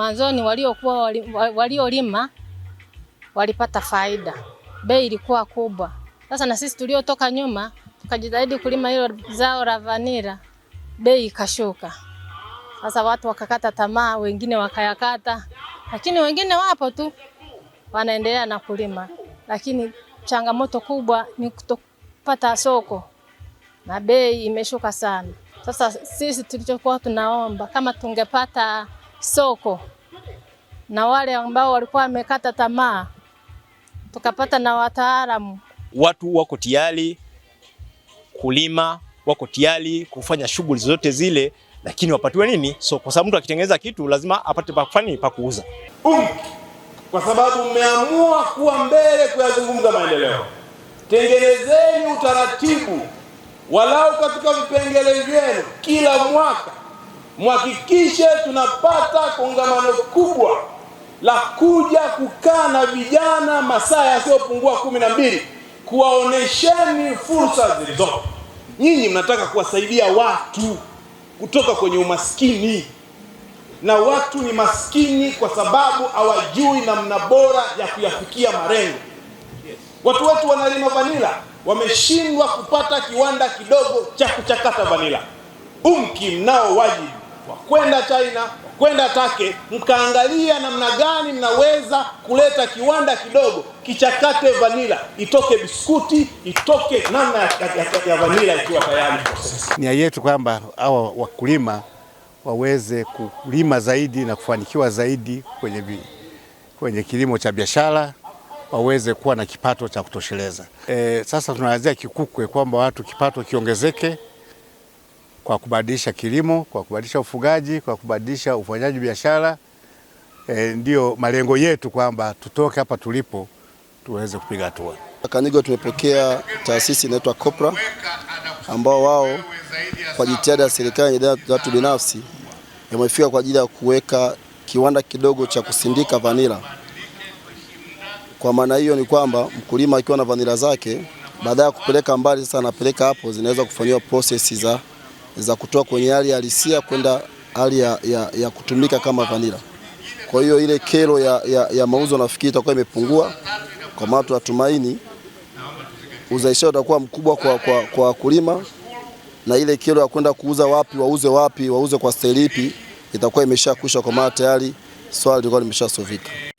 mwanzoni waliokuwa waliolima walipata faida, bei ilikuwa kubwa. Sasa na sisi tuliotoka nyuma tukajitahidi kulima hilo zao la vanila, bei ikashuka. Sasa watu wakakata tamaa, wengine wakayakata, lakini wengine wapo tu wanaendelea na kulima, lakini changamoto kubwa ni kutopata soko na bei imeshuka sana. Sasa sisi tulichokuwa tunaomba kama tungepata soko na wale ambao walikuwa wamekata tamaa, tukapata na wataalamu. Watu wako tayari kulima, wako tayari kufanya shughuli zozote zile, lakini wapatiwe nini? So kwa sababu mtu akitengeneza kitu lazima apate pakufani pa kuuza, kwa sababu mmeamua kuwa mbele kuyazungumza maendeleo. Tengenezeni utaratibu walau katika vipengele vyenu kila mwaka mhakikishe tunapata kongamano kubwa la kuja kukaa na vijana masaa yasiyopungua kumi na mbili, kuwaonesheni fursa zilizopo. Nyinyi mnataka kuwasaidia watu kutoka kwenye umaskini, na watu ni maskini kwa sababu hawajui namna bora ya kuyafikia malengo. Watu wetu wanalima vanila, wameshindwa kupata kiwanda kidogo cha kuchakata vanila. Umki mnao wajibu wa kwenda China, wa kwenda Take, mkaangalia namna gani mnaweza kuleta kiwanda kidogo kichakate vanila itoke biskuti itoke namna ya, ya, ya vanila ikiwa tayari. Nia yetu kwamba hawa wakulima waweze kulima zaidi na kufanikiwa zaidi kwenye, bi, kwenye kilimo cha biashara waweze kuwa na kipato cha kutosheleza. E, sasa tunaanzia kikukwe kwamba watu kipato kiongezeke kwa kubadilisha kilimo, kwa kubadilisha ufugaji, kwa kubadilisha ufanyaji biashara. E, ndiyo malengo yetu kwamba tutoke hapa tulipo tuweze kupiga hatua. Kanigo tumepokea taasisi inaitwa Kopra ambao wao kwa jitihada ya serikali na watu binafsi yamefika kwa ajili ya kuweka kiwanda kidogo cha kusindika vanila. Kwa maana hiyo ni kwamba mkulima akiwa na vanila zake, baada ya kupeleka mbali, sasa anapeleka hapo, zinaweza kufanyiwa prosesi za za kutoa kwenye hali ya halisia kwenda hali ya, ya, ya kutumika kama vanila. Kwa hiyo ile kero ya, ya, ya mauzo nafikiri itakuwa imepungua, kwa maana tunatumaini uzalishaji utakuwa mkubwa kwa wakulima kwa, wakulima na ile kero ya kwenda kuuza wapi, wauze wapi, wauze kwa staili ipi itakuwa imeshakwisha, kwa maana tayari swali lilikuwa limeshasovika.